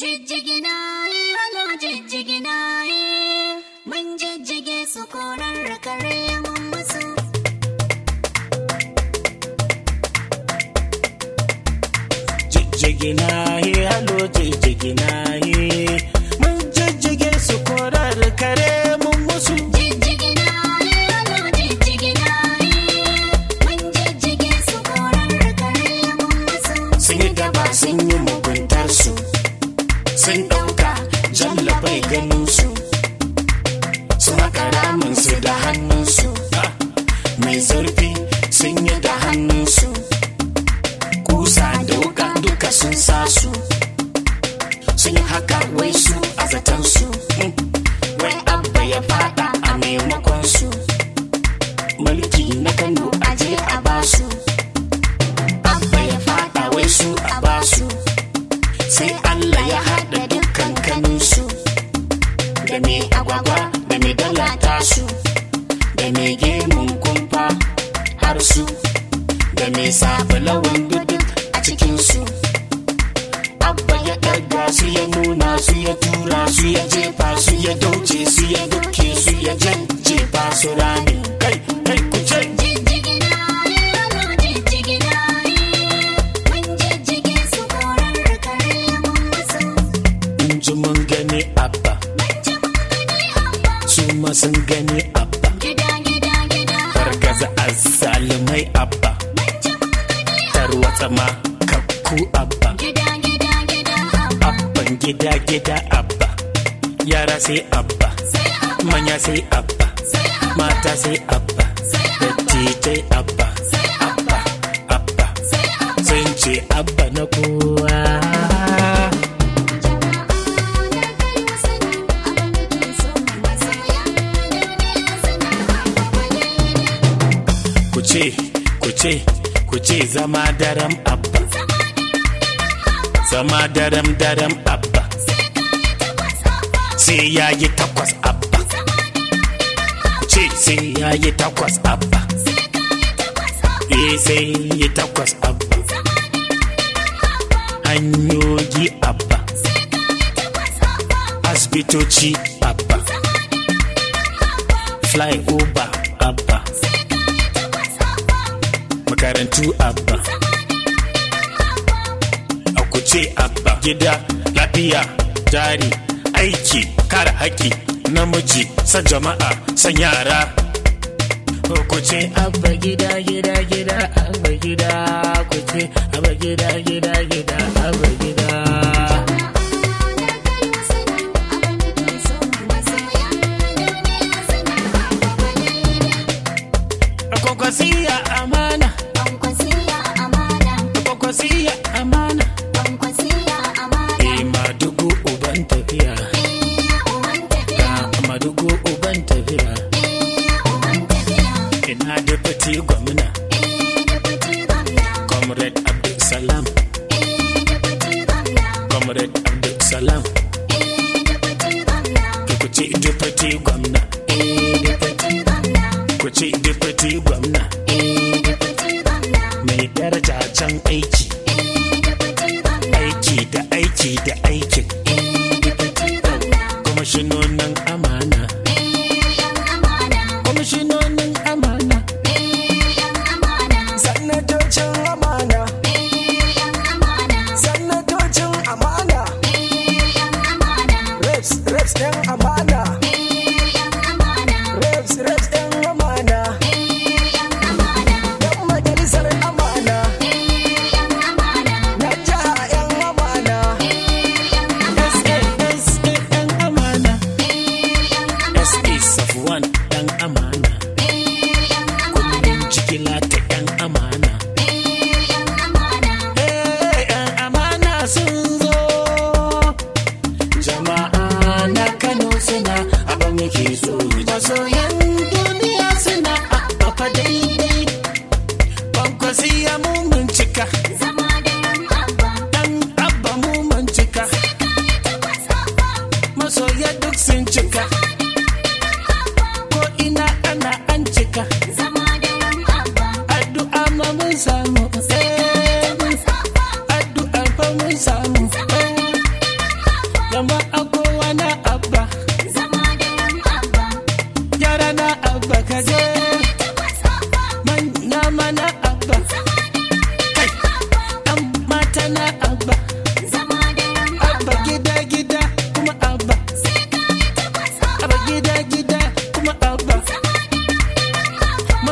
Jijjigina ana jijjigina mun jijjige su korar kare mun musu. Jijjigina halo jijjigina mun jijjige su korar kare mun musu. mai zurfi sun yi da hannunsu kusa da wuka duka sun sa su sun yi haka wai su a zatansu hmm. wai abba ya fada a maimakon su mulki na kano aje a basu abba ya fada wai su a ba basu sai allah ya haɗa dukkan kaninsu da mai agwagwa da mai dalata su da mai gina da su da mai safa lawan dudu a su abba ya daga su ya nuna su ya tura su ya jefa su ya dauce su ya duke su ya jefa su rami kai kai ku ce gani abba, su ma sun gani abba. abba tarwatsa ma kakku abba abban gida gida abba yara sai abba manya sai abba mata sai abba dattijai abba abba abba sun ce abba na kowa ce ku ce ku ce zama daram abba zama daram daram abba sai ya yi takwas abba ku ce sai ya yi takwas abba eh sai yi takwas abba hanyoyi abba asibitoci abba flyover abba karantu abba a ce abba gida lafiya jari aiki kara haƙi namiji san jama'a san yara ce abba gida gida gida abba gida ce abba gida gida gida abba gida assim salam ku ce gwamna ku ce deputy gwamna mai daraja can aiki aiki da aiki da aikin kwamishinonin amana kwamishinonin amana sanatocin amana one.